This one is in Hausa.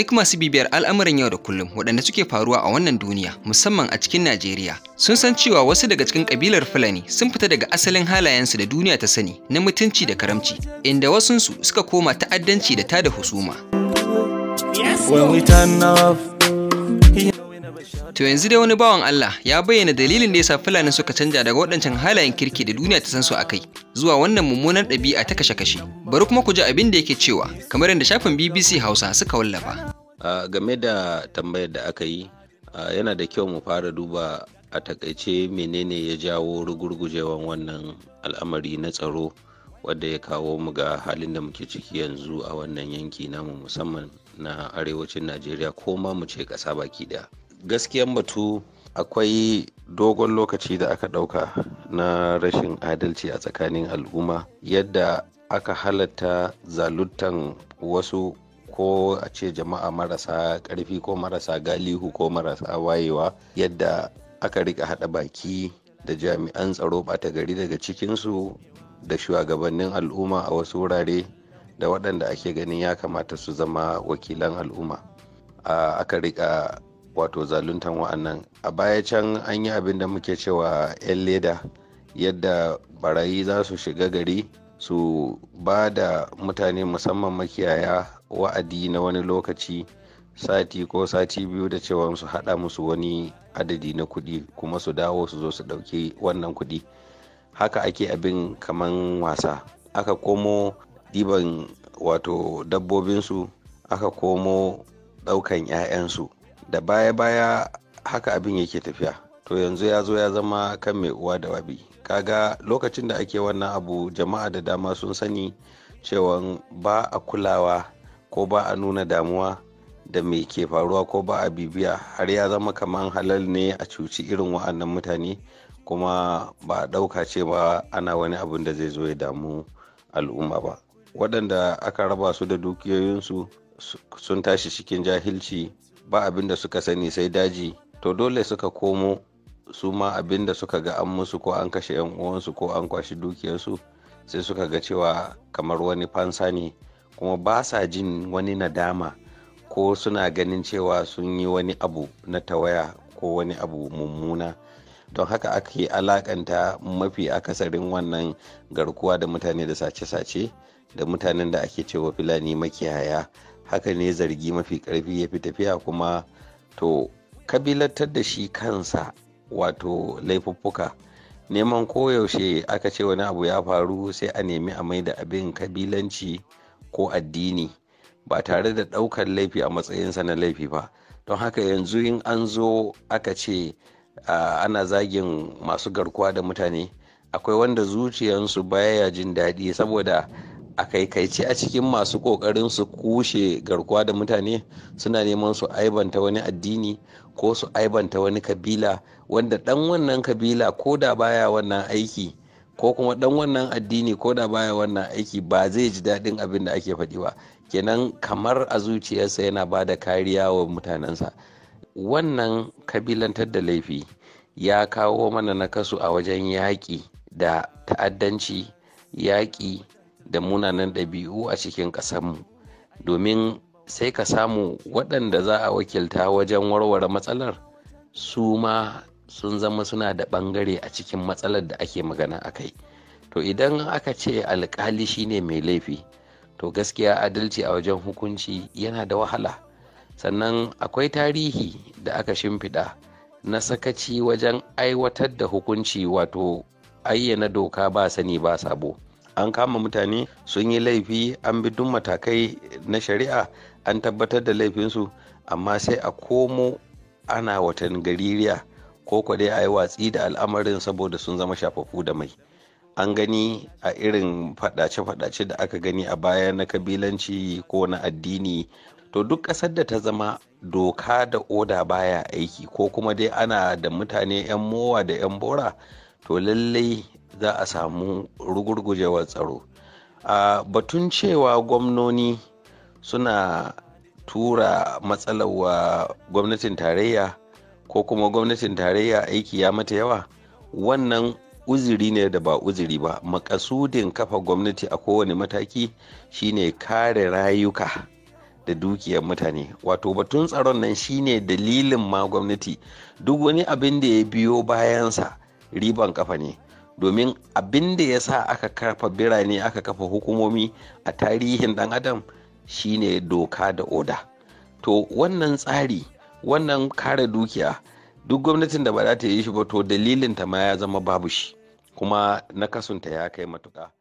duk masu bibiyar al'amuran yau da kullum waɗanda suke faruwa a wannan duniya musamman a cikin Najeriya sun san cewa wasu daga cikin kabilar Fulani sun fita daga asalin halayensu da duniya ta sani na mutunci da karamci inda wasunsu suka koma ta'addanci da tada husuma. To yanzu dai wani bawan Allah ya bayyana dalilin da yasa Fulani suka canja daga waɗancan halayen kirki da duniya ta san su akai zuwa wannan mummunar ɗabi'a ta kashe-kashe. Bari kuma ku ji abin da yake cewa kamar yadda shafin BBC Hausa suka wallafa. a game da tambayar da aka yi yana da kyau mu fara duba a takaice menene ya jawo rugurgujewan wannan al'amari na tsaro wadda ya kawo mu ga halin da muke ciki yanzu a wannan yanki namu musamman na arewacin najeriya ko ma mu ce ƙasa baki ɗaya. gaskiyan batu akwai dogon lokaci da aka ɗauka na rashin adalci a tsakanin al'umma yadda aka halatta zaluntan wasu ko a ce jama'a marasa ƙarfi ko marasa galihu ko marasa wayewa yadda aka rika haɗa baki da jami'an tsaro ɓata gari daga cikinsu da shugabannin al'umma a wasu wurare da waɗanda ake ganin ya kamata su zama wakilan al'umma aka rika wato zaluntan wa'annan a baya can an yi abin da muke cewa 'yan leda yadda barayi za su shiga gari su ba da mutane musamman makiyaya wa'adi na wani lokaci sati ko sati biyu da cewa su haɗa musu wani adadi na kuɗi kuma su dawo su zo su ɗauki wannan kuɗi haka ake abin kaman wasa aka komo ɗiban wato dabbobinsu aka komo ɗaukan 'ya'yansu da baya-baya haka abin yake tafiya to yanzu ya zo ya zama kan mai uwa da wabi kaga lokacin da ake wannan abu jama'a da dama sun sani cewa ba a kulawa ko ba a nuna damuwa da mai ke faruwa ko ba a bibiya har ya zama kamar halal ne a cuci irin wa'annan mutane kuma ba a ɗauka cewa ana wani abin da zai zo ya damu al'umma ba waɗanda aka raba su da dukiyoyinsu sun tashi cikin jahilci ba abin da suka sani sai daji to dole suka komo su ma abin da suka ga an musu ko an kashe 'yan uwansu ko an kwashi dukiyarsu sai suka ga cewa kamar wani fansa ne kuma ba sa jin wani nadama ko suna ganin cewa sun yi wani abu na tawaya ko wani abu mummuna don haka ake alakanta mafi akasarin wannan garkuwa da mutane da sace-sace da mutanen da ake cewa fulani makiyaya haka ne zargi mafi karfi ya fi tafiya kuma to kabilantar da shi kansa wato laifuffuka neman koyaushe aka ce wani abu ya faru sai a nemi a mai da abin kabilanci ko addini ba tare da ɗaukar laifi a matsayinsa na laifi ba don haka yanzu in an zo aka ce ana zagin masu garkuwa da mutane akwai wanda zuciyansu baya jin daɗi saboda a kaikaice a cikin masu ƙoƙarin su kushe garkuwa da mutane suna neman su aibanta wani addini ko su aibanta wani kabila wanda ɗan wannan kabila ko da baya wannan aiki ko kuma ɗan wannan addini ko da baya wannan aiki ba zai ji daɗin abin da ake faɗi ba kenan kamar a zuciyarsa yana ba da kariya wa mutanensa wannan kabilantar da laifi ya kawo mana nakasu a wajen yaƙi da ta'addanci yaƙi da munanan ɗabi'u a cikin ƙasarmu domin sai ka samu waɗanda za a wakilta wajen warware matsalar su ma sun zama suna da ɓangare a cikin matsalar da ake magana a kai to idan aka ce Alƙali shine mai laifi to gaskiya adalci a wajen hukunci yana da wahala sannan akwai tarihi da aka shimfiɗa na sakaci wajen aiwatar da hukunci wato ayyana doka ba sani ba sabo an kama mutane sun yi laifi an bi duk matakai na shari'a an tabbatar da laifinsu amma sai a komo ana watan gaririya ko kwa dai a yi watsi da al'amarin saboda sun zama shafafu da mai an gani a irin fadace-fadace da aka gani a baya na kabilanci ko na addini to duk ƙasar da ta zama doka da oda baya aiki ko kuma dai ana da mutane 'yan mowa da 'yan bora to lallai za a samu rugurgujewar tsaro a batun cewa gwamnoni suna tura matsalar wa gwamnatin tarayya ko kuma gwamnatin tarayya aiki ya mata yawa wannan uziri ne da ba uziri ba makasudin kafa gwamnati a kowane mataki shine kare rayuka da dukiyar mutane wato batun tsaron nan shine dalilin ma gwamnati duk wani abin da ya biyo bayansa riban kafa ne domin abin da ya sa aka kafa birane aka kafa hukumomi a tarihin dan adam shine doka da oda to wannan tsari wannan kare dukiya duk gwamnatin da ba za ta yi shi ba to dalilinta ma ya zama babu shi kuma na kasunta ya kai matuka.